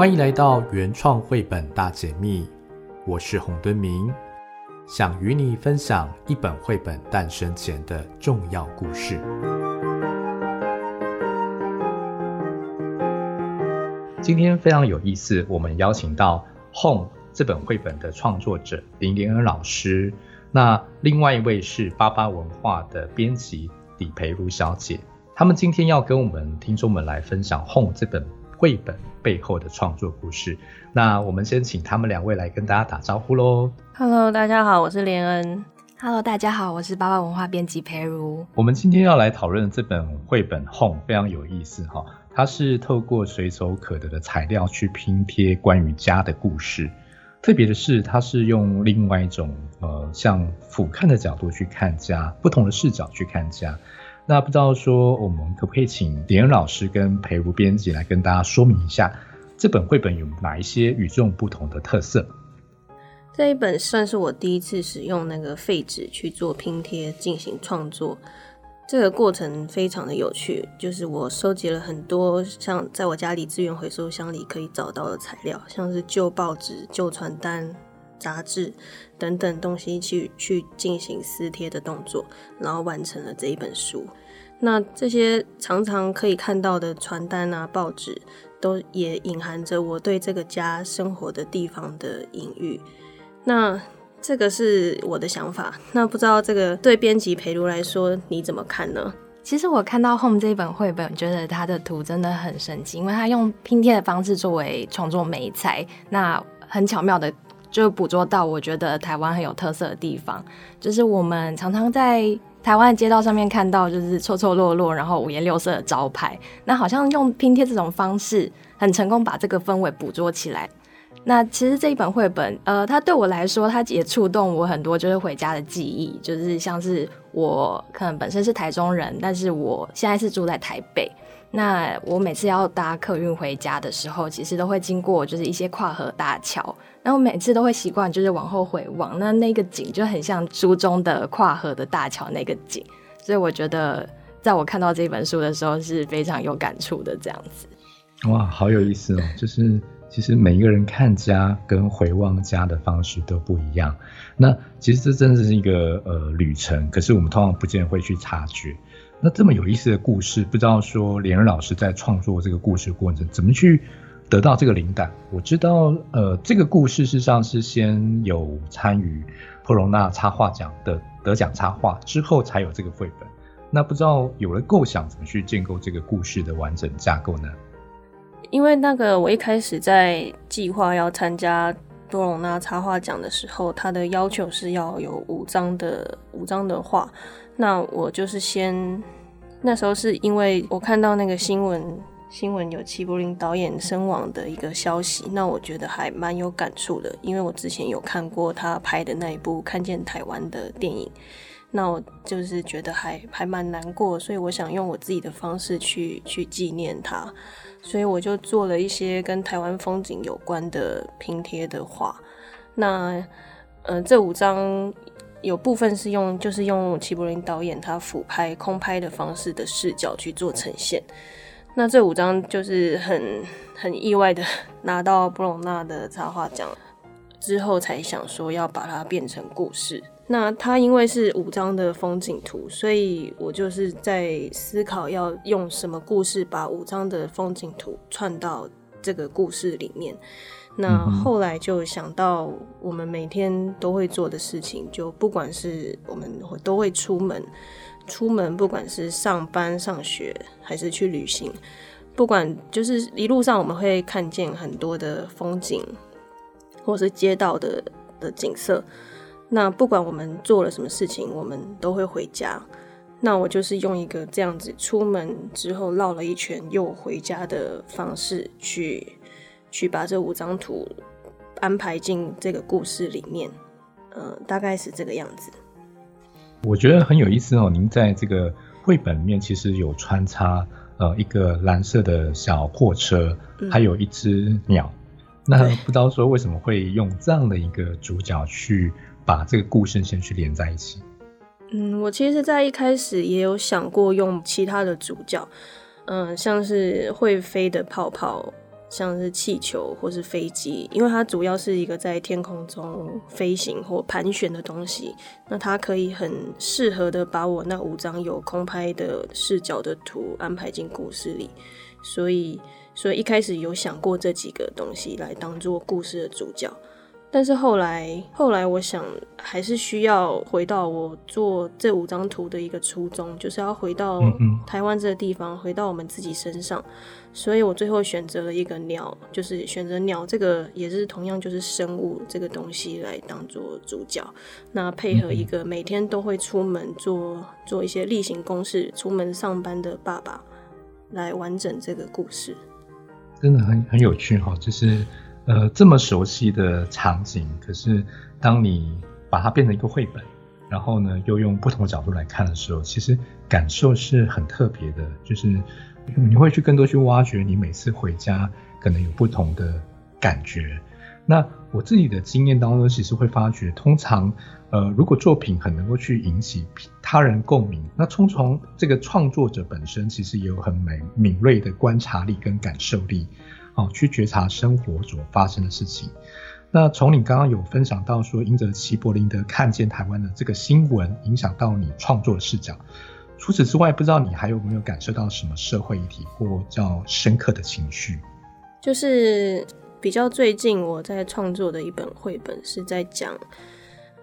歡迎來到原創繪本大解密，我是洪敦明，想與你分享一本繪本誕生前的重要故事。今天非常有意思，我們邀請到《Home》這本繪本的創作者林廉恩老師，那另外一位是巴巴文化的編輯李培如小姐，他們今天要跟我們聽眾們來分享《Home》這本。繪本背後的創作故事，那我們先請他們兩位來跟大家打招呼嘍。Hello，大家好，我是廉恩。Hello，大家好，我是巴巴文化編輯培如。我們今天要來討論的這本繪本《Home》非常有意思，哦，它是透過隨手可得的材料去拼貼關於家的故事。特別的是，它是用另外一種，呃，像俯瞰的角度去看家，不同的視角去看家。那不知道說，我們可不可以請廉恩老師跟培如編輯來跟大家說明一下，這本繪本有哪一些與眾不同的特色？這一本算是我第一次使用那個廢紙去做拼貼進行創作，這個過程非常的有趣。就是我收集了很多像在我家裡資源回收箱裡可以找到的材料，像是舊報紙、舊傳單。雜誌等等東西去去進行撕貼的動作，然後完成了這一本書。那這些常常可以看到的傳單啊、報紙，都也隱含着我對這個家生活的地方的隱喻。那這個是我的想法。那不知道這個對編輯培如來說，你怎麼看呢？其實我看到《Home》這一本繪本，覺得它的圖真的很神奇，因為它用拼貼的方式作為創作媒材，那很巧妙的。就捕捉到我覺得台灣很有特色的地方，就是我們常常在台灣的街道上面看到，就是錯錯落落，然後五顏六色的招牌。那好像用拼貼這種方式，很成功把這個氛圍捕捉起來。那其實這一本繪本，呃，它對我來說，它也觸動我很多，就是回家的記憶。就是像是我可能本身是台中人，但是我現在是住在台北。那我每次要搭客運回家的時候，其實都會經過，就是一些跨河大橋。然後每次都會習慣，就是往後回望，那那個景就很像書中的跨河的大橋那個景，所以我覺得，在我看到這本書的時候是非常有感觸的。這樣子。哇，好有意思哦！就是其實每一個人看家跟回望家的方式都不一樣。那其實這真的是一個呃旅程，可是我們通常不見得會去察覺。那這麼有意思的故事，不知道說廉恩老師在創作這個故事過程怎麼去，得到這個靈感，我知道呃，這個故事事實上是先有參與波隆那插畫獎的得獎插畫之後才有這個繪本。那不知道有了構想，怎麼去建構這個故事的完整架構呢？因為那個我一開始在計劃要參加多隆納插畫獎的時候，它的要求是要有五張的五張的畫，那我就是先那時候是因為我看到那個新聞。新聞有齊柏林導演身亡的一個消息，那我覺得還蠻有感觸的，因為我之前有看過他拍的那一部《看見台灣》的電影，那我就是覺得還還蠻難過，所以我想用我自己的方式去去紀念他，所以我就做了一些跟台灣風景有關的拼貼的畫。那呃，這五張有部分是用就是用齊柏林導演他俯拍、空拍的方式的視角去做呈現。那這五張就是很很意外的拿到布隆納的插畫獎之後，才想說要把它變成故事。那它因為是五張的風景圖，所以我就是在思考要用什麼故事把五張的風景圖串到這個故事裡面。那後來就想到我們每天都會做的事情，就不管是我們都會出門。出門，不管是上班、上學還是去旅行，不管就是一路上我們會看見很多的風景，或是街道的的景色。那不管我們做了什麼事情，我們都會回家。那我就是用一個這樣子出門之後繞了一圈又回家的方式去，去去把這五張圖安排進這個故事裡面。嗯、呃，大概是這個樣子。我覺得很有意思哦，您在這個繪本裡面其實有穿插呃一個藍色的小貨車，還有一隻鳥，嗯、那不知道說為什麼會用這樣的一個主角去把這個故事先去連在一起？嗯，我其實，在一開始也有想過用其他的主角，嗯、呃，像是會飛的泡泡。像是氣球或是飛機，因為它主要是一個在天空中飛行或盤旋的東西，那它可以很適合的把我那五張有空拍的視角的圖安排進故事裡，所以，所以一開始有想過這幾個東西來當做故事的主角。但是後來，後來我想，還是需要回到我做這五張圖的一個初衷，就是要回到台灣這個地方，嗯嗯，回到我們自己身上。所以我最後選擇了一個鳥，就是選擇鳥這個，也是同樣就是生物這個東西來當做主角。那配合一個每天都會出門做嗯嗯做一些例行公事，出門上班的爸爸，來完整這個故事，真的很很有趣哈、哦，嗯、就是。呃，這麼熟悉的場景，可是當你把它變成一個繪本，然後呢，又用不同的角度來看的時候，其實感受是很特別的。就是你會去更多去挖掘，你每次回家可能有不同的感覺。那我自己的經驗當中，其實會發覺，通常呃，如果作品很能夠去引起他人共鳴，那從從這個創作者本身，其實也有很敏敏銳的觀察力跟感受力。哦，去覺察生活所發生的事情。那從你剛剛有分享到說，因着齊柏林的看見台灣的這個新聞，影響到你創作的視角。除此之外，不知道你還有沒有感受到什麼社會議題或較深刻的情緒？就是比較最近我在創作的一本繪本，是在講，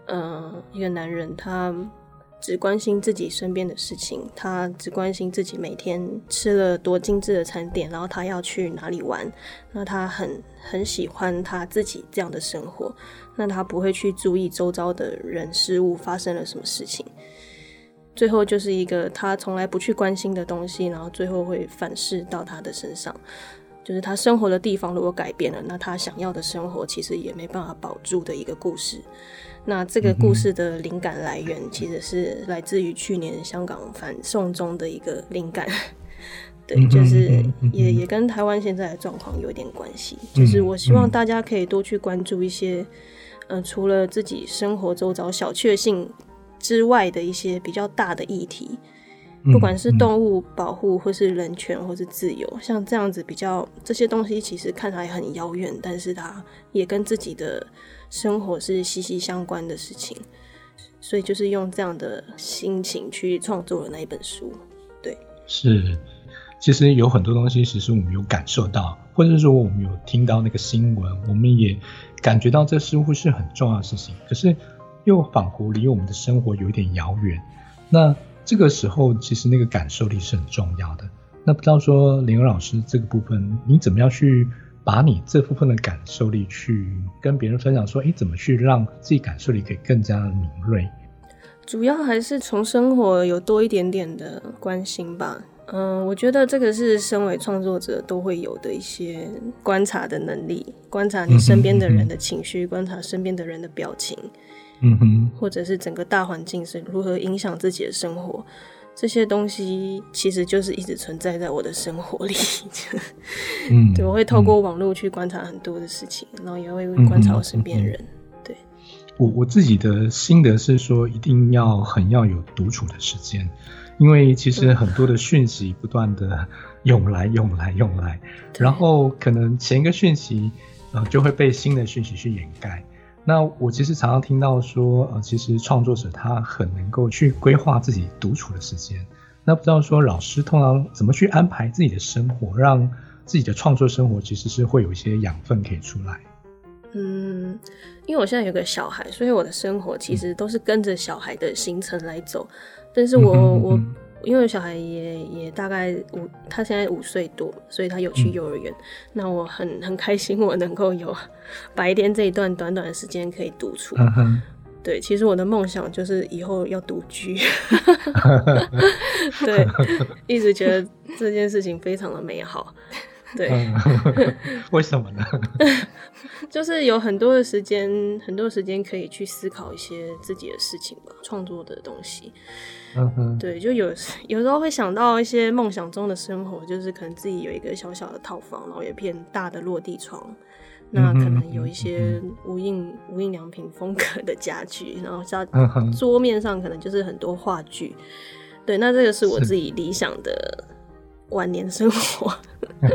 嗯、呃，一個男人他。只關心自己身邊的事情，他只關心自己每天吃了多精致的餐點，然後他要去哪裡玩。那他很很喜歡他自己這樣的生活，那他不會去注意周遭的人事物發生了什麼事情。最後就是一個他從來不去關心的東西，然後最後會反噬到他的身上。就是他生活的地方如果改變了，那他想要的生活其實也沒辦法保住的一個故事。那這個故事的靈感來源其實是來自於去年香港反送中的一個靈感，對，就是也也跟台灣現在的狀況有點關係。就是我希望大家可以多去關注一些，嗯、呃，除了自己生活周遭小確幸之外的一些比較大的議題，不管是動物保護或是人權或是自由，像這樣子比較這些東西，其實看起來很遙遠，但是它也跟自己的。生活是息息相關的事情，所以就是用這樣的心情去創作了那一本書。對，是，其實有很多東西，其實我們有感受到，或者是說我們有聽到那個新聞，我們也感覺到這似乎是很重要的事情，可是又仿佛離我們的生活有一點遙遠。那這個時候，其實那個感受力是很重要的。那不知道說廉恩老師這個部分，你怎麼樣去？把你這部分的感受力去跟別人分享，說：“哎、欸，怎麼去讓自己感受力可以更加敏銳？”主要還是從生活有多一點點的關心吧。嗯，我覺得這個是身為創作者都會有的一些觀察的能力，觀察你身邊的人的情緒，嗯哼嗯哼，觀察身邊的人的表情，嗯哼，或者是整個大環境是如何影響自己的生活。這些東西其實就是一直存在在我的生活裡。嗯， 對，我會透過網路去觀察很多的事情，嗯、然後也會觀察我身邊人。嗯嗯嗯嗯、對，我我自己的心得是說，一定要很要有獨處的時間，因為其實很多的訊息不斷的湧來湧來湧來，湧來，然後可能前一個訊息啊就會被新的訊息去掩蓋。那我其實常常聽到說，呃，其實創作者他很能夠去規劃自己獨處的時間。那不知道說老師通常怎麼去安排自己的生活，讓自己的創作生活其實是會有一些養分可以出來？嗯，因為我現在有個小孩，所以我的生活其實都是跟着小孩的行程來走。但是我我。嗯嗯嗯因為小孩也也大概五，他現在五歲多，所以他有去幼兒園。嗯、那我很很開心，我能夠有白天這一段短短的時間可以獨處。啊、哼對，其實我的夢想就是以後要獨居， 對，一直覺得這件事情非常的美好。對、嗯，為什麼呢？ 就是有很多的時間，很多時間可以去思考一些自己的事情吧，創作的東西。嗯、哼對，就有有時候會想到一些夢想中的生活，就是可能自己有一個小小的套房，然後有一片大的落地窗，嗯、哼那可能有一些無印、嗯、哼無印良品風格的家具，然後在桌面上可能就是很多畫具。嗯、哼對，那這個是我自己理想的。晚年生活，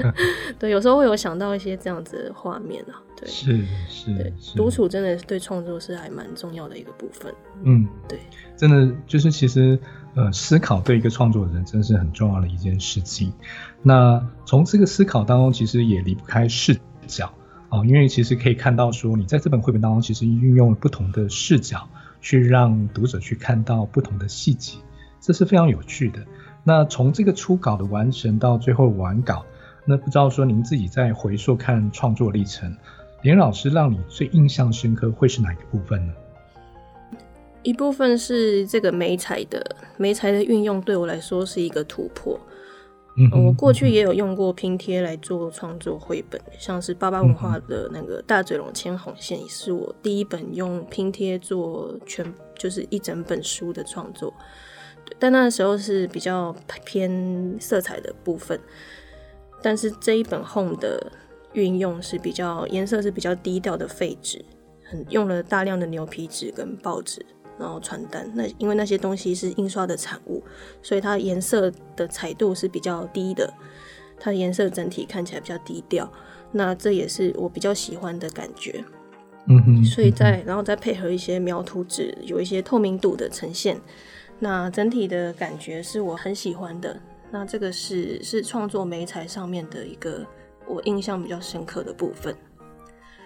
對，有時候會有想到一些這樣子的畫面啊，對，是是，是對，獨是處真的對創作是還蠻重要的一個部分，嗯，對，真的就是其實，呃，思考對一個創作人真是很重要的一件事情。嗯，那從這個思考當中，其實也離不開視角啊，哦，因為其實可以看到說，你在這本繪本當中，其實運用了不同的視角，去讓讀者去看到不同的細節，這是非常有趣的。那從這個初稿的完成到最後完稿，那不知道說您自己再回溯看創作歷程，林老師讓你最印象深刻會是哪一個部分呢？一部分是這個媒材的媒材的運用，對我來說是一個突破。嗯哼，我過去也有用過拼貼來做創作繪本，嗯、哼像是巴巴文化的那個大嘴龍牽紅線，也、嗯、哼是我第一本用拼貼做全就是一整本書的創作。但那時候是比較偏色彩的部分，但是這一本 Home 的運用是比較顏色是比較低調的廢紙，很用了大量的牛皮紙跟報紙，然後傳單。那因為那些東西是印刷的產物，所以它顏色的彩度是比較低的，它顏色整體看起來比較低調。那這也是我比較喜歡的感覺。嗯嗯，所以再然後再配合一些描圖紙，有一些透明度的呈現。那整體的感覺是我很喜歡的，那這個是是創作媒材上面的一個我印象比較深刻的部分。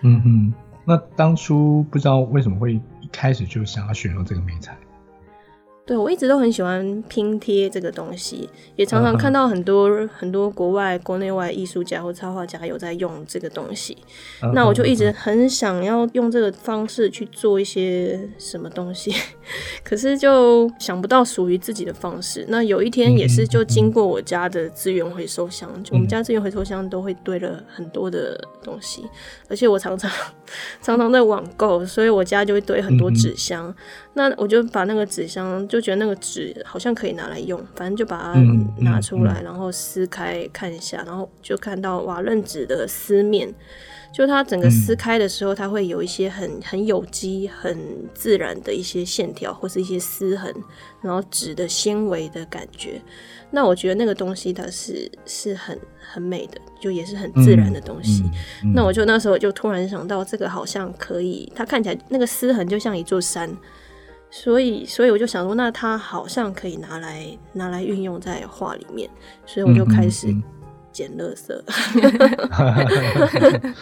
嗯哼，那當初不知道為什麼會一開始就想要選用這個媒材。對，我一直都很喜歡拼貼這個東西，也常常看到很多，uh huh. 很多國外國內外藝術家或插畫家有在用這個東西，uh huh. 那我就一直很想要用這個方式去做一些什麼東西，可是就想不到屬於自己的方式。那有一天也是就經過我家的資源回收箱，uh huh. 就我們家資源回收箱都會堆了很多的東西，而且我常常常常在網購，所以我家就會堆很多紙箱，uh huh. 那我就把那個紙箱就。就覺得那個紙好像可以拿來用，反正就把它拿出來，嗯嗯嗯、然後撕開看一下，然後就看到瓦楞紙的撕面，就它整個撕開的時候，它會有一些很很有機、很自然的一些線條或是一些絲痕，然後紙的纖維的感覺。那我覺得那個東西它是是很很美的，就也是很自然的東西。嗯嗯嗯、那我就那時候就突然想到，這個好像可以，它看起來那個絲痕就像一座山。所以，所以我就想說，那它好像可以拿來拿來運用在畫裡面，所以我就開始撿樂色，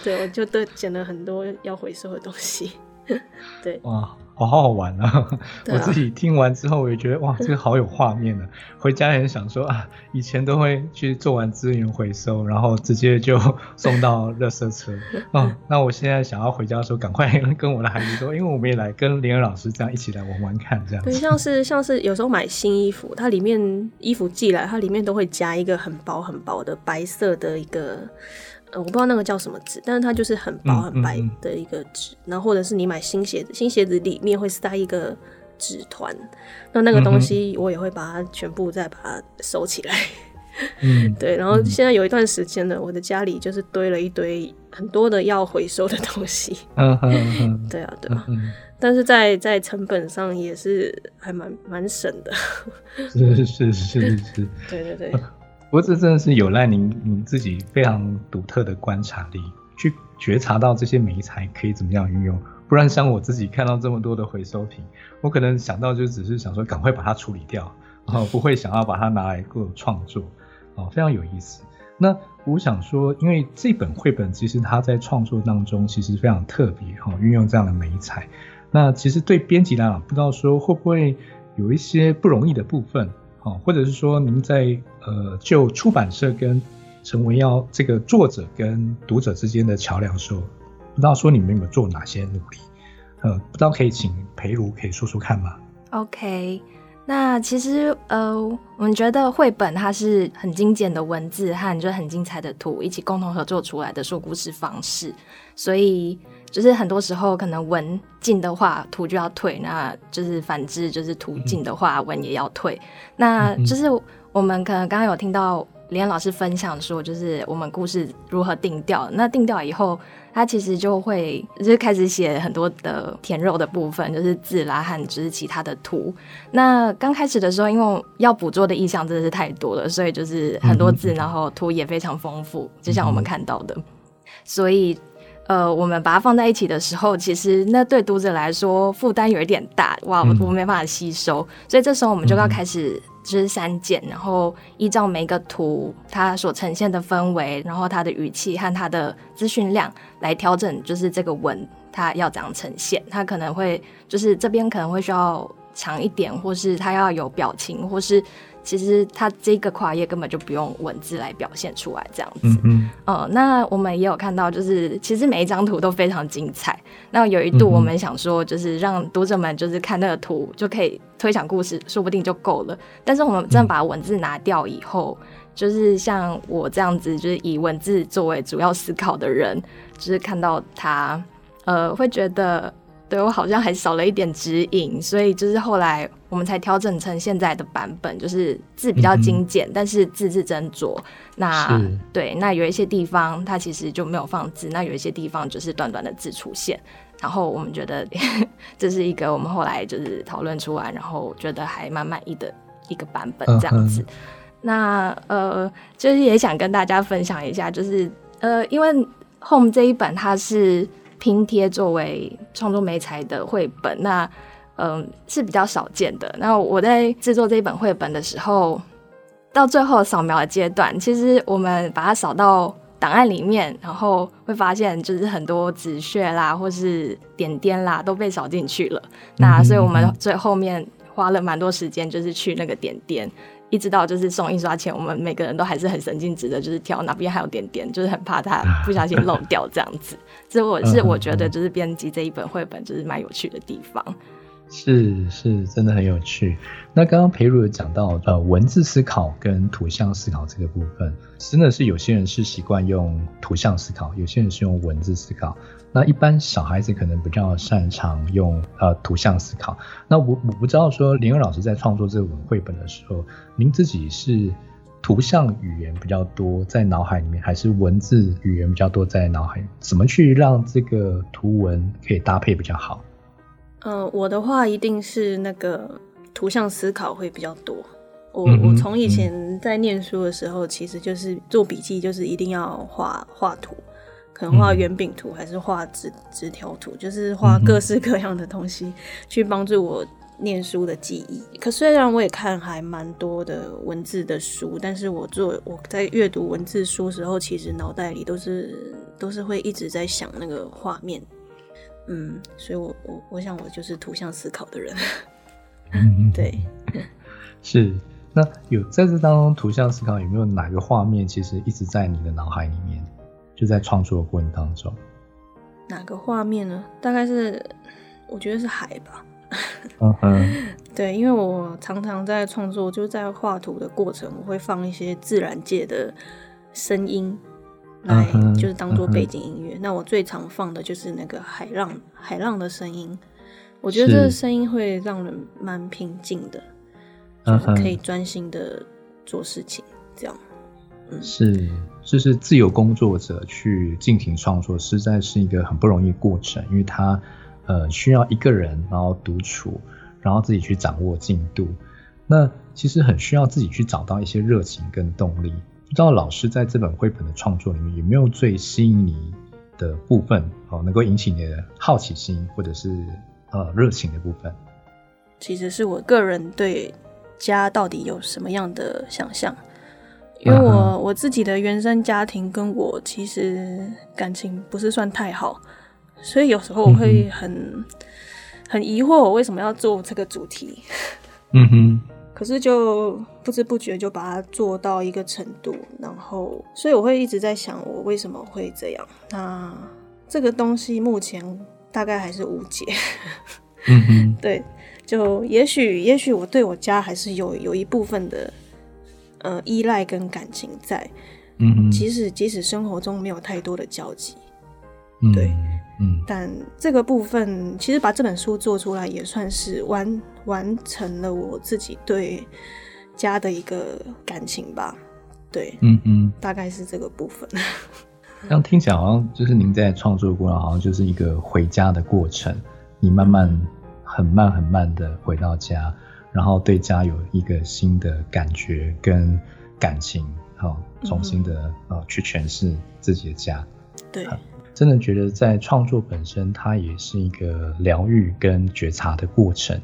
對，我就都撿了很多要回收的東西， 對。好、哦、好好玩啊！啊我自己聽完之後，我也覺得哇，這個好有畫面呢、啊。 回家也很想說啊，以前都會去做完資源回收，然後直接就送到垃圾車。嗯、 哦，那我現在想要回家的時候，趕快跟我的孩子說，因為我們也來跟林恩老師這樣一起來玩玩看，這樣。對，像是像是有時候買新衣服，它裡面衣服寄來，它裡面都會加一個很薄很薄的白色的一個。嗯、我不知道那個叫什麼紙，但是它就是很薄很白的一個紙。嗯嗯、然後或者是你買新鞋子，新鞋子裡面會塞一個紙團，那那個東西我也會把它全部再把它收起來。嗯、 對。然後現在有一段時間了，嗯、我的家裡就是堆了一堆很多的要回收的東西。啊啊啊 對啊，對啊。啊啊但是在在成本上也是還蠻蠻省的。是是是是。是是是 對對對。啊不過這真的是有賴您您自己非常獨特的觀察力，去覺察到這些媒材可以怎麼樣運用，不然像我自己看到這麼多的回收品，我可能想到就只是想說趕快把它處理掉，然後不會想要把它拿來做創作，啊、哦，非常有意思。那我想說，因為這本繪本其實它在創作當中其實非常特別，哈、哦，運用這樣的媒材。那其實對編輯來講，不知道說會不會有一些不容易的部分。或者是說您在呃，就出版社跟成為要這個作者跟讀者之間的橋樑的時候，不知道說你們有沒有做哪些努力？呃，不知道可以請培如可以說說看嗎？OK，那其實呃，我們覺得繪本它是很精簡的文字和就很精彩的圖一起共同合作出來的說故事方式，所以。就是很多時候，可能文進的話圖就要退，那就是反之，就是圖進的話、嗯、哼文也要退。那就是我們可能剛剛有聽到廉恩老師分享說，就是我們故事如何定調。那定調以後，他其實就會就是開始寫很多的填肉的部分，就是字啦還有就是其他的圖。那剛開始的時候，因為要捕捉的意象真的是太多了，所以就是很多字，然後圖也非常豐富，嗯、哼就像我們看到的。所以。呃，我們把它放在一起的時候，其實那對讀者來說負擔有一點大，哇，我沒辦法吸收，嗯、所以這時候我們就要開始就是刪減，嗯、然後依照每一個圖它所呈現的氛圍，然後它的語氣和它的資訊量來調整，就是這個文它要怎樣呈現，它可能會就是這邊可能會需要長一點，或是它要有表情，或是。其實它這個跨頁根本就不用文字來表現出來，這樣子。嗯哼、呃、那我們也有看到，就是其實每一張圖都非常精彩。那有一度我們想說，就是讓讀者們就是看那個圖就可以推想故事，說不定就夠了。但是我們真的把文字拿掉以後，嗯、哼就是像我這樣子，就是以文字作為主要思考的人，就是看到他呃，會覺得。對，我好像還少了一點指引，所以就是後來我們才調整成現在的版本，就是字比較精簡，嗯、但是字字斟酌。那是對，那有一些地方它其實就沒有放字，那有一些地方就是短短的字出現。然後我們覺得 這是一個我們後來就是討論出來，然後覺得還蠻滿意的一個版本這樣子。Uh huh. 那呃，就是也想跟大家分享一下，就是呃，因為 Home 這一本它是。拼貼作為創作媒材的繪本，那嗯是比較少見的。那我在制作這一本繪本的時候，到最後掃描的階段，其實我們把它掃到檔案裡面，然後會發現就是很多紙屑啦，或是點點啦，都被掃進去了。嗯嗯嗯嗯，那所以我們最後面花了蠻多時間，就是去那個點點。一直到就是送印刷前，我們每個人都還是很神經質的，就是挑哪邊還有點點，就是很怕它不小心漏掉這樣子。 這我是我覺得就是編輯這一本繪本就是蠻有趣的地方。是是，真的很有趣。那剛剛培如有講到呃文字思考跟圖像思考這個部分，真的是有些人是習慣用圖像思考，有些人是用文字思考。那一般小孩子可能比較擅長用呃圖像思考。那我我不知道說廉恩老師在創作這個繪本的時候，您自己是圖像語言比較多在腦海裡面，還是文字語言比較多在腦海裡面？怎麼去讓這個圖文可以搭配比較好？嗯、呃，我的話一定是那個圖像思考會比較多。我嗯嗯我從以前在念書的時候，嗯、其實就是做筆記，就是一定要畫畫圖。可能畫圓餅圖，還是畫紙紙條圖，就是畫各式各樣的東西，嗯、哼去幫助我念書的記憶。可雖然我也看還蠻多的文字的書，但是我做我在閱讀文字書時候，其實腦袋裡都是都是會一直在想那個畫面。嗯，所以我我我想我就是圖像思考的人。嗯、哼 對，是。那有在這當中圖像思考，有沒有哪個畫面其實一直在你的腦海裡面？就在創作的過程當中，哪個畫面呢？大概是，我覺得是海吧。 uh huh. 對，因為我常常在創作，就是、在畫圖的過程，我會放一些自然界的聲音來，來、uh huh. 就是當做背景音樂。Uh huh. 那我最常放的就是那個海浪，海浪的聲音。我覺得這個聲音會讓人蠻平靜的，uh huh. 就是可以專心的做事情，這樣。是，就是自由工作者去進行創作，實在是一個很不容易的過程，因為他，呃，需要一個人，然後獨處，然後自己去掌握進度。那其實很需要自己去找到一些熱情跟動力。不知道老師在這本繪本的創作裡面，有沒有最吸引你的部分，好、呃，能夠引起你的好奇心或者是呃熱情的部分？其實是我個人對家到底有什麼樣的想象因為我我自己的原生家庭跟我其實感情不是算太好，所以有時候我會很、嗯、哼很疑惑，我為什麼要做這個主題。嗯哼。可是就不知不覺就把它做到一個程度，然後所以我會一直在想，我為什麼會這樣？那這個東西目前大概還是無解。 嗯哼。對，就也許也許我對我家還是有有一部分的。呃，依賴跟感情在，嗯嗯哼，即使即使生活中沒有太多的交集，嗯、對，嗯，但這個部分其實，把這本書做出來也算是完完成了我自己對家的一個感情吧，對，嗯嗯哼，大概是這個部分。剛、嗯、聽起來好像就是您在創作的過程好像就是一個回家的過程，你慢慢很慢很慢的回到家。然後對家有一個新的感覺跟感情，好，重新的呃去詮釋自己的家。嗯、對、啊，真的覺得在創作本身，它也是一個療癒跟覺察的過程。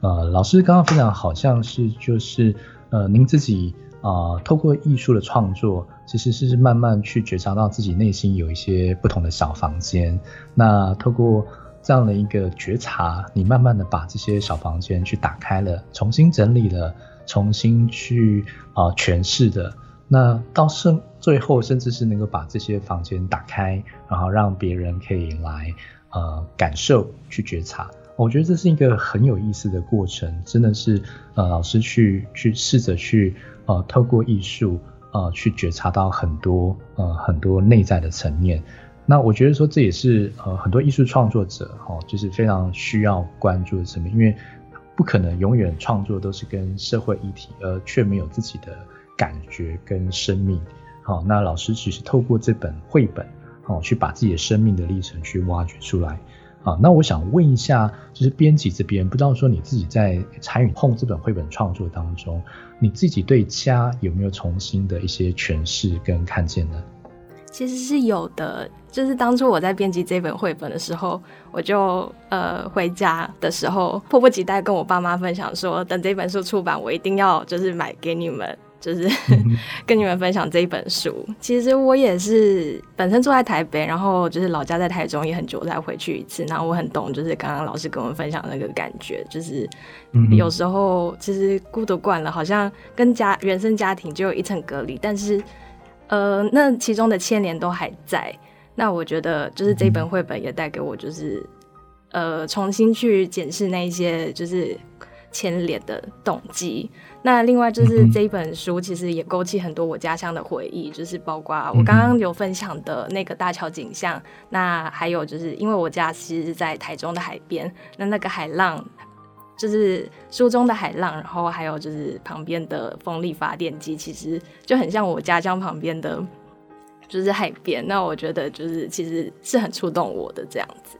呃，老師剛剛分享好像是就是呃，您自己啊、呃，透過藝術的創作，其實是慢慢去覺察到自己內心有一些不同的小房間。那透過，這樣的一個覺察，你慢慢的把這些小房間去打開了，重新整理了，重新去啊、呃、詮釋的，那到甚最後甚至是能夠把這些房間打開，然後讓別人可以來呃感受去覺察，我覺得這是一個很有意思的過程，真的是呃老師去去試着去呃透過藝術啊、呃、去覺察到很多呃很多內在的層面。那我覺得說這也是呃很多藝術創作者哈、哦，就是非常需要關注的層面，因為不可能永遠創作都是跟社會議題，而卻沒有自己的感覺跟生命。好、哦，那老師其實透過這本繪本，好、哦、去把自己的生命的歷程去挖掘出來。好、哦，那我想問一下，就是編輯這邊，不知道說你自己在參與碰這本繪本創作當中，你自己對家有沒有重新的一些詮釋跟看見呢？其實是有的，就是當初我在編輯這本繪本的時候，我就呃回家的時候迫不及待跟我爸媽分享說，等這本書出版，我一定要就是買給你們，就是 跟你們分享這一本書。其實我也是本身住在台北，然後就是老家在台中，也很久才回去一次，然後我很懂，就是剛剛老師跟我們分享那個感覺，就是有時候其實孤獨慣了，好像跟家原生家庭就有一層隔離，但是。呃，那其中的牽連都還在。那我覺得，就是這本繪本也帶給我，就是、嗯、哼呃，重新去檢視那一些就是牽連的動機。那另外就是這一本書，其實也勾起很多我家鄉的回憶，就是包括我剛剛有分享的那個大橋景象。嗯、哼那還有就是因為我家其實是在台中的海邊，那那個海浪。就是書中的海浪，然後還有就是旁邊的風力發電機，其實就很像我家鄉旁邊的，就是海邊。那我覺得就是其實是很觸動我的這樣子。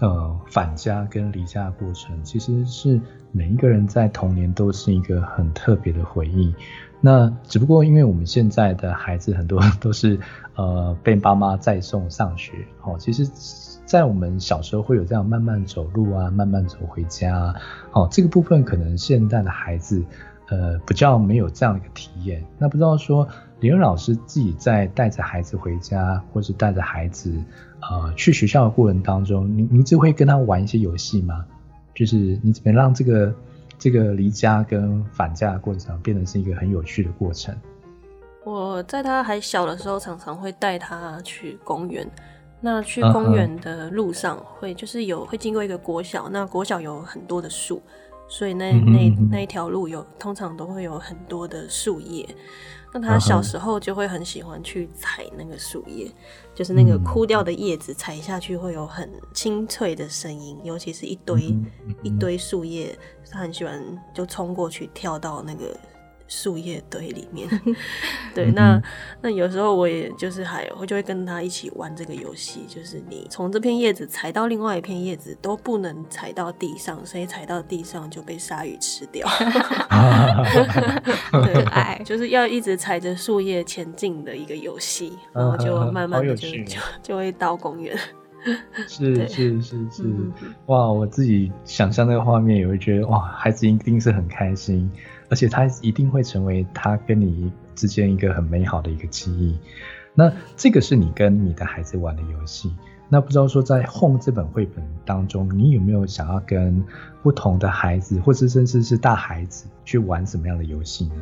呃，返家跟離家的過程，其實是每一個人在童年都是一個很特別的回憶。那只不過因為我們現在的孩子很多都是呃被爸媽再送上學，哦，其實。在我們小時候會有這樣慢慢走路啊，慢慢走回家啊，哦，這個部分可能現代的孩子，呃，比較沒有這樣一個體驗。那不知道說林老師自己在帶着孩子回家，或是帶着孩子呃去學校的過程當中，你你只會跟他玩一些遊戲嗎？就是你怎麼讓這個這個離家跟返家的過程上變得是一個很有趣的過程？我在他還小的時候，常常會帶他去公園。那去公園的路上，會就是有、uh huh. 會經過一個國小，那國小有很多的樹，所以那那那一條路有通常都會有很多的樹葉。那他小時候就會很喜歡去踩那個樹葉，uh huh. 就是那個枯掉的葉子踩下去會有很清脆的聲音，尤其是一堆、uh huh. 一堆樹葉，他很喜歡就衝過去跳到那個。樹葉堆裡面，對，那那有時候我也就是還就會跟他一起玩這個遊戲，就是你從這片葉子踩到另外一片葉子都不能踩到地上，所以踩到地上就被鯊魚吃掉。 對，唉，就是要一直踩着樹葉前進的一個遊戲，然後就慢慢就 好有趣。就就，就會到公園。是對是是是，嗯、哇！我自己想象那個畫面，也會覺得哇，孩子一定是很開心。而且他一定會成為他跟你之間一個很美好的一個記憶。那這個是你跟你的孩子玩的遊戲。那不知道說，在《HOME》這本繪本當中，你有沒有想要跟不同的孩子，或是甚至是大孩子去玩什麼樣的遊戲呢？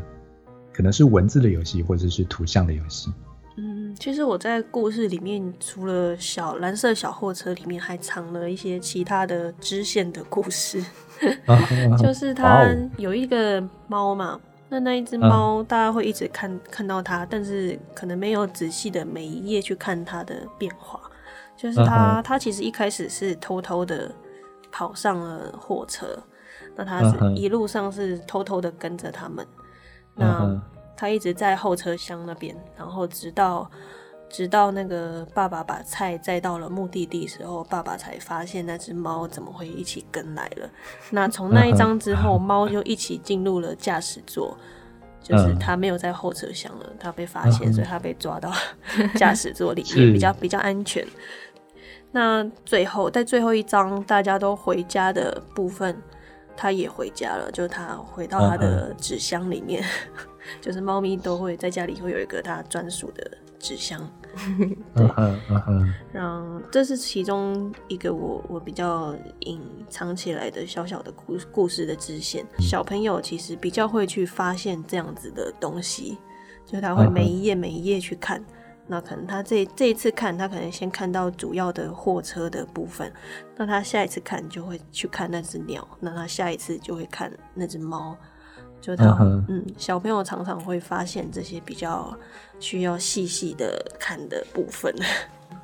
可能是文字的遊戲，或者是圖像的遊戲。嗯，其實我在故事裡面，除了小藍色小貨車裡面，還藏了一些其他的支線的故事。 就是他有一個貓嘛，uh huh. wow. 那那一只貓大家會一直看，uh huh. 看，看到他，但是可能沒有仔細的每一頁去看他的變化。就是他，uh huh. 他其實一開始是偷偷的跑上了火車，那他是一路上是偷偷的跟着他們，uh huh. 那他一直在後車廂那邊，然後直到。直到那個爸爸把菜載到了目的地的時候，爸爸才發現那只貓怎麼會一起跟來了。那從那一張之後，貓就、uh huh. 一起進入了駕駛座，就是它沒有在後車廂了，它被發現，uh huh. 所以它被抓到駕駛座裡面、uh huh. 比較 是比較安全。那最後在最後一張大家都回家的部分，它也回家了，就他它回到它的紙箱裡面，uh huh. 就是貓咪都會在家裡會有一個它專屬的紙箱。 對，嗯哼，嗯哼，然後這是其中一個我我比較隱藏起來的小小的故故事的支線。小朋友其實比較會去發現這樣子的東西，就他會每一頁每一頁去看。那可能他這這一次看，他可能先看到主要的貨車的部分，那他下一次看就會去看那只鳥，那他下一次就會看那只貓。就他嗯，哼嗯，小朋友常常會發現這些比較需要細細的看的部分。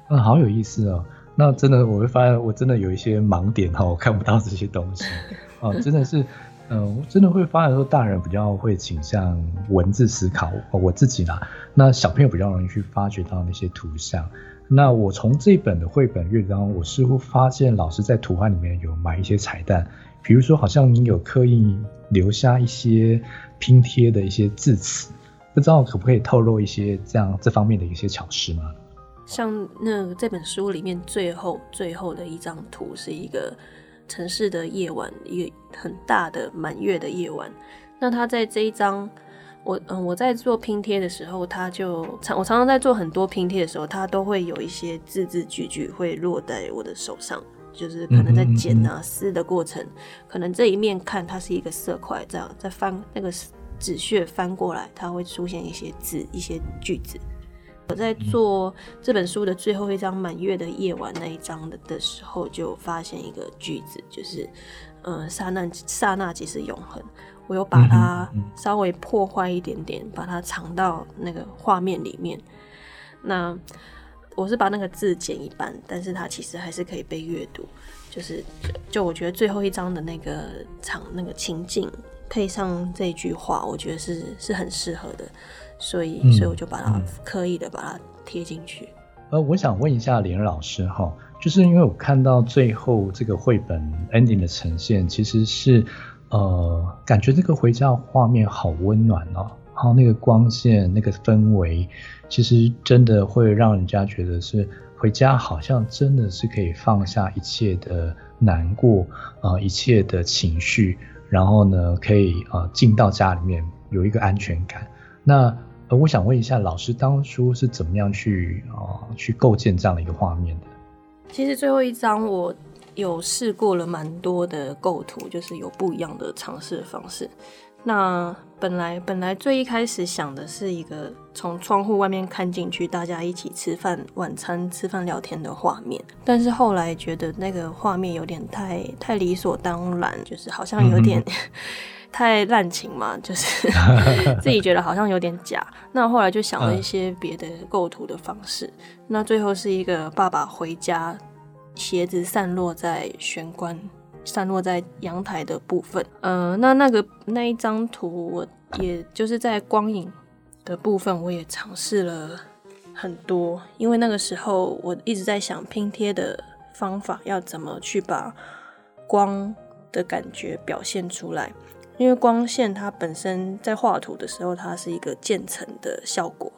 嗯，好有意思哦。那真的我會發現，我真的有一些盲點哈、哦，我看不到這些東西哦、 嗯，真的是，嗯，我真的會發現說，大人比較會傾向文字思考，我自己呢，那小朋友比較容易去發掘到那些圖像。那我從這本的繪本閱讀當中，我似乎發現老師在圖案裡面有埋一些彩蛋，比如說，好像你有刻意。留下一些拼貼的一些字詞，不知道可不可以透露一些這樣這方面的一些巧思嗎？像那這本書裡面最後最後的一張圖是一個城市的夜晚，一個很大的滿月的夜晚。那他在這一張，我嗯我在做拼貼的時候，他就常我常常在做很多拼貼的時候，他都會有一些字字句句會落在我的手上。就是可能在剪啊嗯哼嗯哼撕的過程，可能這一面看它是一個色塊，這樣在翻那個紙屑翻過來，它會出現一些字、一些句子。我在做這本書的最後一張《滿月的夜晚》那一章的時候，就發現一個句子，就是“嗯，剎那剎那即是永恆”。我有把它稍微破壞一點點，把它藏到那個畫面裡面。那。我是把那個字剪一半，但是它其實還是可以被閱讀。就是就、就我覺得最後一張的那個場那個情境，配上這句話，我覺得是是很適合的，所以、嗯、所以我就把它刻意的把它貼進去、嗯嗯。呃，我想問一下林老師哈，就是因為我看到最後這個繪本 ending 的呈現，其實是呃，感覺這個回家的畫面好溫暖哦。然後、哦、那個光線、那個氛圍，其實真的會讓人家覺得是回家，好像真的是可以放下一切的難過啊、呃，一切的情緒。然後呢，可以啊進、呃、到家裡面有一個安全感。那、呃、我想問一下老師，當初是怎麼樣去啊、呃、去構建這樣的一個畫面的？其實最後一張我有試過了蠻多的構圖，就是有不一樣的嘗試方式。那本來本來最一開始想的是一個從窗戶外面看進去，大家一起吃飯晚餐吃飯聊天的畫面，但是後來覺得那個畫面有點太太理所當然，就是好像有點 太濫情嘛，就是 自己覺得好像有點假。那後來就想了一些別的構圖的方式，那最後是一個爸爸回家，鞋子散落在玄關。散落在陽台的部分，呃，那那個那一張圖，我也就是在光影的部分，我也嘗試了很多，因為那個時候我一直在想拼貼的方法要怎麼去把光的感覺表現出來，因為光線它本身在畫圖的時候它是一個漸層的效果，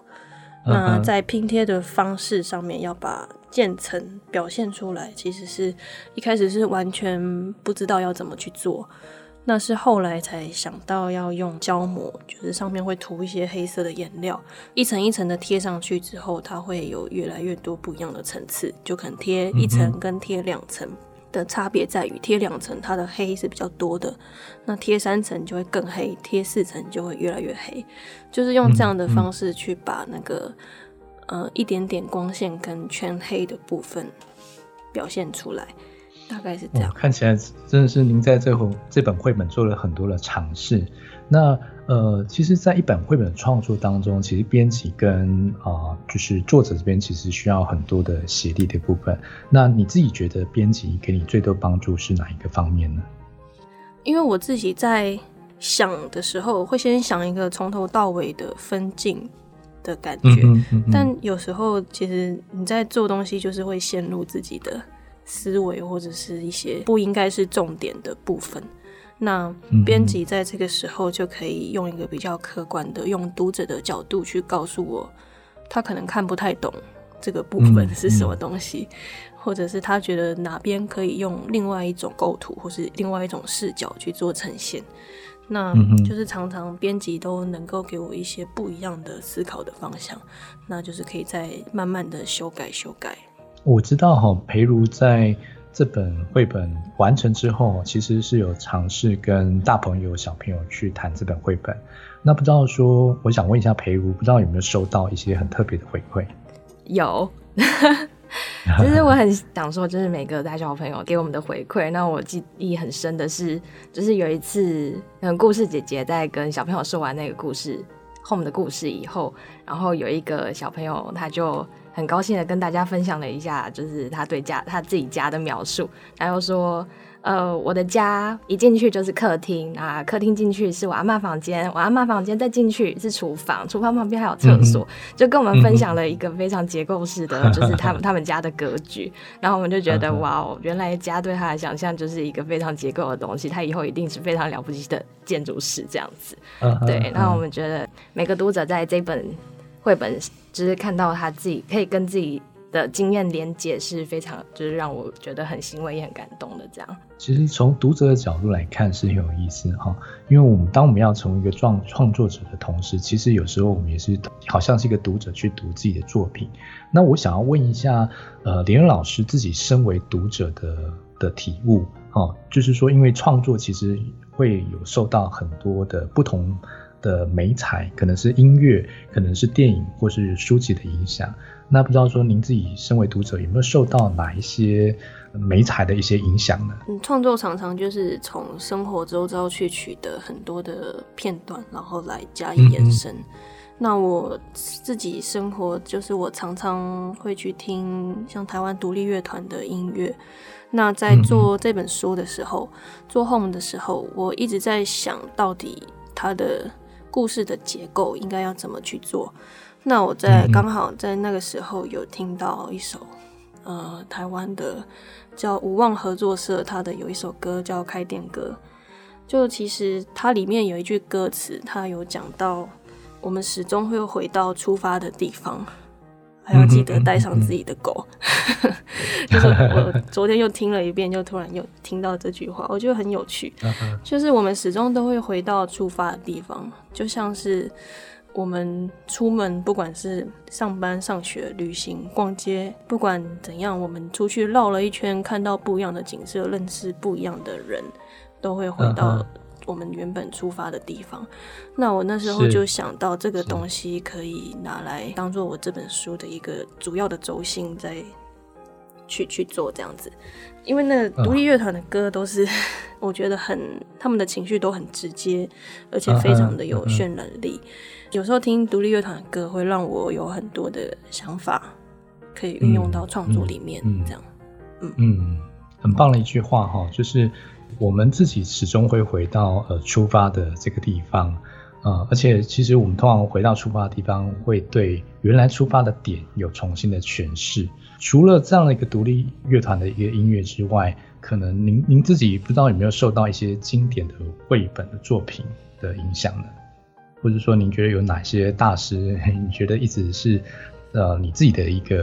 那在拼貼的方式上面要把。漸層表現出來，其實是一開始是完全不知道要怎麼去做，那是後來才想到要用膠膜，就是上面會塗一些黑色的顏料，一層一層的貼上去之後，它會有越來越多不一樣的層次，就可能貼一層跟貼兩層的差別在於，貼兩層它的黑是比較多的，那貼三層就會更黑，貼四層就會越來越黑，就是用這樣的方式去把那個。呃，一點點光線跟全黑的部分表現出來，大概是這樣。哦，看起來真的是您在這本這本繪本做了很多的嘗試。那呃，其實，在一本繪本創作當中，其實編輯跟啊，呃，就是作者這邊其實需要很多的協力的部分。那你自己覺得編輯給你最多幫助是哪一個方面呢？因為我自己在想的時候，我會先想一個從頭到尾的分鏡。的感覺，但有時候其實你在做東西，就是會陷入自己的思維或者是一些不應該是重點的部分。那編輯在這個時候就可以用一個比較客觀的，用讀者的角度去告訴我，他可能看不太懂這個部分是什麼東西，嗯嗯嗯。或者是他覺得哪邊可以用另外一種構圖，或是另外一種視角去做呈現。那就是常常編輯都能夠給我一些不一樣的思考的方向，那就是可以再慢慢的修改修改。我知道哈，培如在這本繪本完成之後，其實是有嘗試跟大朋友小朋友去談這本繪本。那不知道說，我想問一下培如，不知道有沒有收到一些很特別的回饋？有。 其實我很想說，就是每個大小朋友給我們的回饋。那我記憶很深的是，就是有一次，嗯，故事姐姐在跟小朋友說完那個故事，Home 的故事以後，然後有一個小朋友他就很高興的跟大家分享了一下，就是他對家、他自己家的描述。他又說。呃，我的家一進去就是客廳啊，客廳進去是我阿嬤房間，我阿嬤房間再進去是廚房，廚房旁邊還有廁所，嗯、哼就跟我們分享了一個非常結構式的，嗯、哼就是他們 他們家的格局。然後我們就覺得、嗯、哼哇哦，原來家對他的想象就是一個非常結構的東西，他以後一定是非常了不起的建築師這樣子。嗯、哼對，然後我們覺得每個讀者在這本繪本，就是看到他自己可以跟自己。的經驗連結是非常，就是讓我覺得很欣慰也很感動的。這樣，其實從讀者的角度來看是很有意思哈、哦，因為我們當我們要成為一個創創作者的同時，其實有時候我們也是好像是一個讀者去讀自己的作品。那我想要問一下，呃，廉恩老師自己身為讀者的的體悟，哈、哦，就是說因為創作其實會有受到很多的不同。的媒材可能是音樂，可能是電影或是書籍的影響。那不知道說您自己身為讀者有沒有受到哪一些媒材的一些影響呢？嗯，創作常常就是從生活周遭去取得很多的片段，然後來加以延伸。嗯嗯，那我自己生活就是我常常會去聽像台灣獨立樂團的音樂。那在做這本書的時候，嗯嗯，做 HOME 的時候，我一直在想到底它的故事的結構應該要怎麼去做？那我在剛好在那個時候有聽到一首，嗯、呃，台灣的叫無望合作社，他的有一首歌叫《開店歌》，就其實它裡面有一句歌詞，它有講到我們始終會回到出發的地方。還要記得帶上自己的狗， 就是我昨天又聽了一遍，就突然又聽到這句話，我覺得很有趣。Uh huh. 就是我們始終都會回到出發的地方，就像是我們出門，不管是上班、上學、旅行、逛街，不管怎樣，我們出去繞了一圈，看到不一樣的景色，認識不一樣的人，都會回到，我們原本出發的地方，那我那時候就想到這個東西可以拿來當做我這本書的一個主要的軸心，再去去做這樣子。因為那獨立樂團的歌都是，嗯、 我覺得很，他們的情緒都很直接，而且非常的有渲染力。嗯嗯嗯、有時候聽獨立樂團的歌會讓我有很多的想法可以運用到創作裡面，嗯嗯、這樣。嗯嗯，很棒的一句話哈，就是。我們自己始終會回到呃出發的這個地方，啊、呃，而且其實我們通常回到出發的地方，會對原來出發的點有重新的詮釋。除了這樣的一個獨立樂團的一個音樂之外，可能您您自己不知道有沒有受到一些經典的繪本的作品的影響呢？或者說，您覺得有哪些大師，你覺得一直是呃你自己的一個、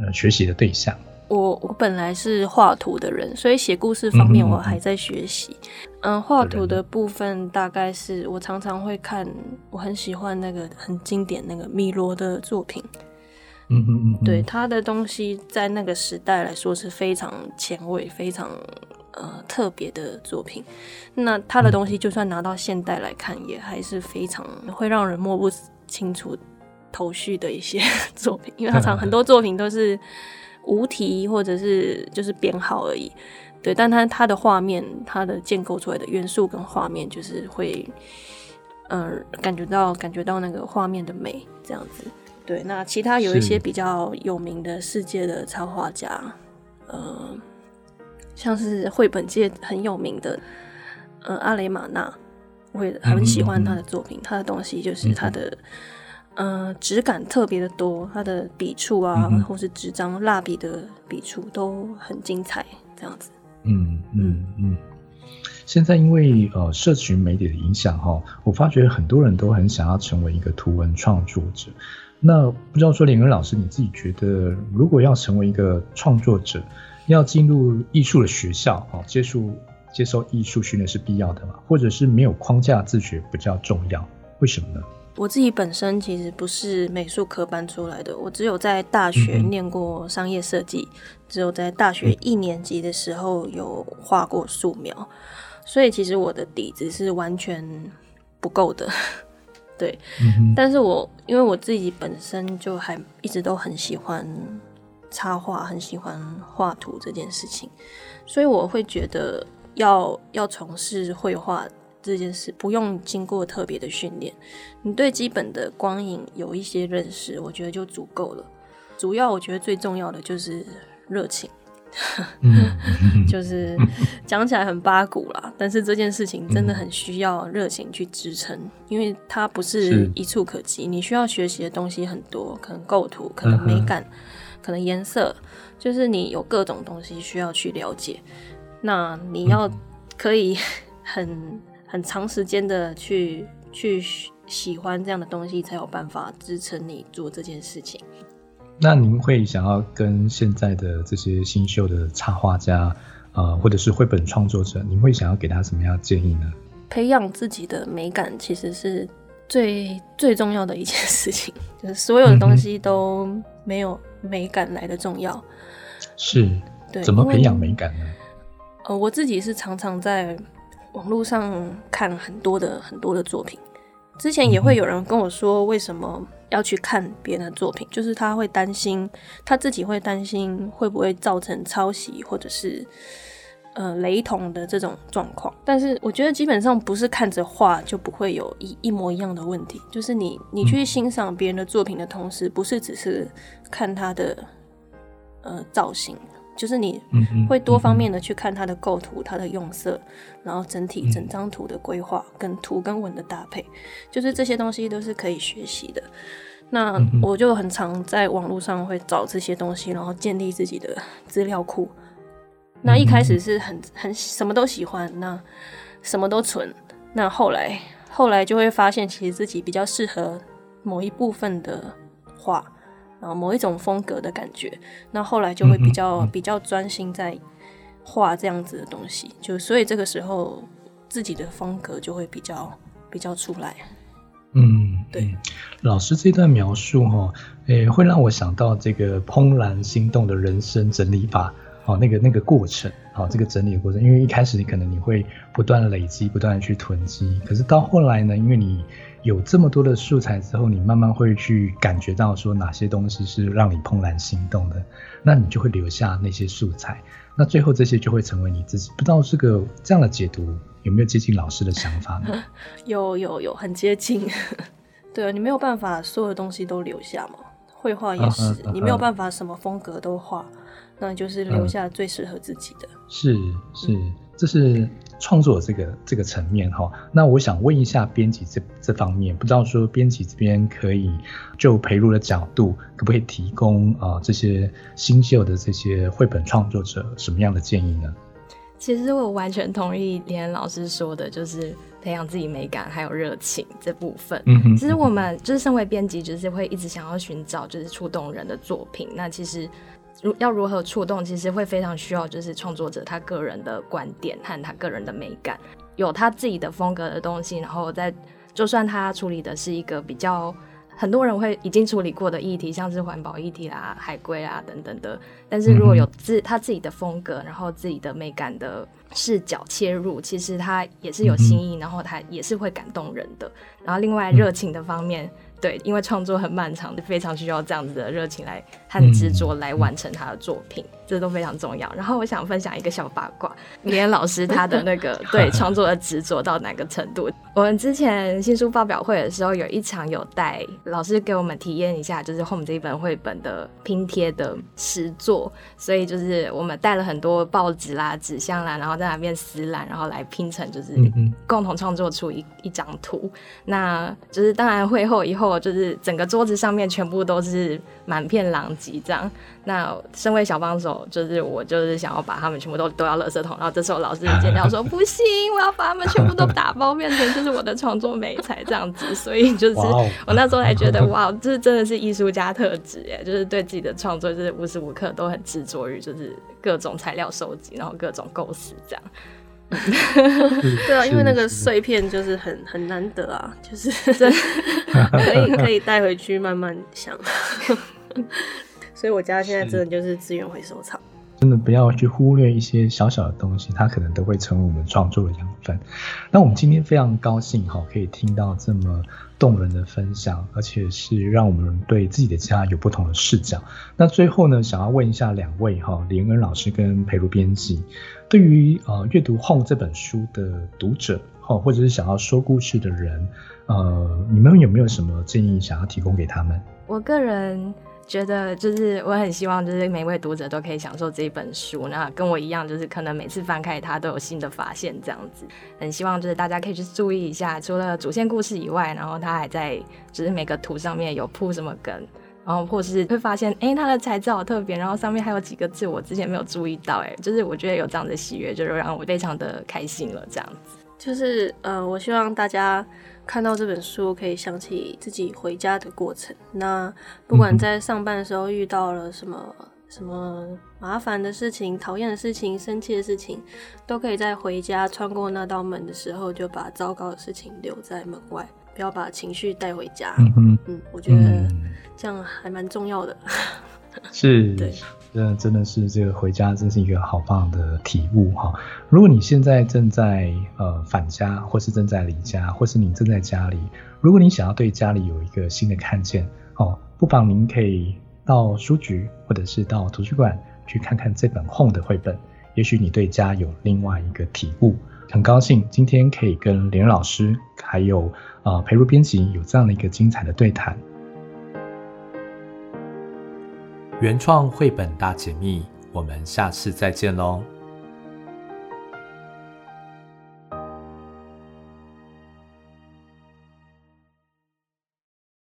呃、學習的對象？我我本來是畫圖的人，所以寫故事方面我還在學習。嗯哼嗯哼，呃、畫圖的部分大概是我常常會看，我很喜歡那個很經典那個米羅的作品。嗯哼嗯哼，對他的東西，在那個時代來說是非常前衛、非常呃特別的作品。那他的東西就算拿到現代來看，也還是非常會讓人摸不清楚頭緒的一些作品，因為他常很多作品都是。無題，或者是就是編號而已，對，但它它的畫面，它的建構出來的元素跟畫面，就是會，嗯、呃、感覺到感覺到那個畫面的美這樣子，對。那其他有一些比較有名的世界的插畫家，嗯是、呃，像是繪本界很有名的，嗯、呃，阿雷馬娜，我很喜歡他的作品，他的東西就是他的。嗯嗯，質、呃、感特別的多，它的筆觸啊，嗯、哼或是紙張、蠟筆的筆觸都很精彩，這樣子。嗯嗯嗯。現在因為呃社群媒體的影響哈、哦，我發覺很多人都很想要成為一個圖文創作者。那不知道說林恩老師你自己覺得，如果要成為一個創作者，要進入藝術的學校啊、哦，接觸接受藝術訓練是必要的嗎？或者是沒有框架自學比較重要？為什麼呢？我自己本身其實不是美術科班出來的，我只有在大學念過商業設計，嗯、哼只有在大學一年級的時候有畫過素描，所以其實我的底子是完全不夠的，對。嗯、哼但是我因為我自己本身就還一直都很喜歡插畫，很喜歡畫圖這件事情，所以我會覺得要要從事繪畫。這件事不用經過特別的訓練，你對基本的光影有一些認識，我覺得就足夠了。主要我覺得最重要的就是熱情， 就是講起來很八股啦，但是這件事情真的很需要熱情去支撐，因為它不是一蹴可幾。是你需要學習的東西很多，可能構圖，可能美感，呵呵可能顏色，就是你有各種東西需要去了解。那你要可以很。很長時間的去去喜歡這樣的東西，才有辦法支撐你做這件事情。那您會想要跟現在的這些新秀的插畫家啊、呃，或者是繪本創作者，您會想要給他什麼樣的建議呢？培養自己的美感，其實是最最重要的一件事情。就是所有的東西都沒有美感來的重要。嗯嗯、是。對。怎麼培養美感呢？呃，我自己是常常在。網絡上看很多的很多的作品，之前也會有人跟我說，為什麼要去看別人的作品？就是他會擔心，他自己會擔心會不會造成抄襲或者是呃雷同的這種狀況。但是我覺得基本上不是看着畫就不會有一一模一樣的問題，就是你你去欣賞別人的作品的同時，不是只是看他的呃造型。就是你會多方面的去看它的構圖、它的用色，然後整體整張圖的規劃、跟圖跟文的搭配，就是這些東西都是可以學習的。那我就很常在網絡上會找這些東西，然後建立自己的資料庫。那一開始是很很什麼都喜歡，那什麼都存，那後來後來就會發現，其實自己比較適合某一部分的畫。然後某一種風格的感覺，那後來就會比較嗯、嗯、嗯比較專心在畫這樣子的東西，就所以這個時候自己的風格就會比較比較出來。嗯，對。嗯，老師這段描述哈、哦，誒，會讓我想到這個怦然心動的人生整理法，好、哦，那個那個過程，好、哦，這個整理的過程，因為一開始你可能你會不斷累積，不斷去囤積，可是到後來呢，因為你。有這麼多的素材之後，你慢慢會去感覺到說，哪些東西是讓你怦然心動的，那你就會留下那些素材。那最後這些就會成為你自己。不知道這個這樣的解讀有沒有接近老師的想法呢？ 有？有有有，很接近。 對，你沒有辦法所有的東西都留下嘛，繪畫也是，啊啊啊、你沒有辦法什麼風格都畫，那就是留下最適合自己的。是、啊啊、是，是嗯、這是。Okay. 創作這個這個層面哈、哦，那我想問一下編輯這這方面，不知道說編輯這邊可以就培如的角度，可不可以提供啊、呃、這些新秀的這些繪本創作者什麼樣的建議呢？其實我完全同意廉老師說的，就是培養自己美感還有熱情這部分。嗯哼，嗯，其實我們就是身為編輯，就是會一直想要尋找就是觸動人的作品。那其實。如要如何觸動，其實會非常需要，就是創作者他個人的觀點和他個人的美感，有他自己的風格的東西，然後在就算他處理的是一個比較很多人會已經處理過的議題，像是環保議題啦、海龜啊等等的，但是如果有自、嗯、哼他自己的風格，然後自己的美感的視角切入，其實他也是有新意，嗯、哼然後他也是會感動人的。然後另外熱情的方面。嗯對，因為創作很漫長，就非常需要這樣子的熱情來和執着來完成他的作品。嗯嗯。這都非常重要。然後我想分享一個小八卦，廉恩老師，他的那個 對創作的執着到哪個程度？ 我們之前新書發表會的時候，有一場有帶老師給我們體驗一下，就是《Home》這一本繪本的拼貼的實作。所以就是我們帶了很多報紙啦、紙箱啦，然後在那邊撕爛，然後來拼成就是共同創作出一一張圖。那就是當然會後以後，就是整個桌子上面全部都是滿片狼藉這樣。那身為小幫手。就是我就是想要把他們全部都都要垃圾桶，然後這時候老師見到說不行，我要把他們全部都打包變成 就是我的創作媒材這樣子，所以就是我那時候還覺得 Wow. 哇，這、就是、真的是藝術家特質耶，就是對自己的創作就是無時無刻都很執着於就是各種材料收集，然後各種構思這樣。 對啊，因為那個碎片就是很很難得啊，就是 真的可以可以帶回去慢慢想。 所以我家現在真的就是資源回收場，真的不要去忽略一些小小的東西，它可能都會成為我們創作的養分。那我們今天非常高興哈，可以聽到這麼動人的分享，而且是讓我們對自己的家有不同的視角。那最後呢，想要問一下兩位哈，廉恩老師跟培如編輯，對於呃閱讀《HOME》這本書的讀者哈，或者是想要說故事的人，呃，你們有沒有什麼建議想要提供給他們？我個人。覺得就是我很希望，就是每位讀者都可以享受這一本書。那跟我一樣，就是可能每次翻開它都有新的發現，這樣子。很希望就是大家可以去注意一下，除了主線故事以外，然後它還在，就是每個圖上面有鋪什麼梗，然後或是會發現，哎、欸，它的材質好特別，然後上面還有幾個字我之前沒有注意到、欸，哎，就是我覺得有這樣的喜悅，就是讓我非常的開心了，這樣子。就是，呃，我希望大家看到這本書，可以想起自己回家的過程。那不管在上班的時候遇到了什麼、嗯、哼什麼麻煩的事情、討厭的事情、生氣的事情，都可以在回家穿過那道門的時候，就把糟糕的事情留在門外，不要把情緒帶回家。嗯嗯哼嗯，我覺得這樣還蠻重要的。是， 對。這真的是這個回家，真是一個好棒的體悟哈！如果你現在正在呃返家，或是正在離家，或是你正在家裡，如果你想要對家裡有一個新的看見哦，不妨您可以到書局或者是到圖書館去看看這本《Home》的繪本，也許你對家有另外一個體悟。很高興今天可以跟廉老師還有呃培如編輯有這樣的一個精彩的對談。原創繪本大解密，我們下次再見嘍。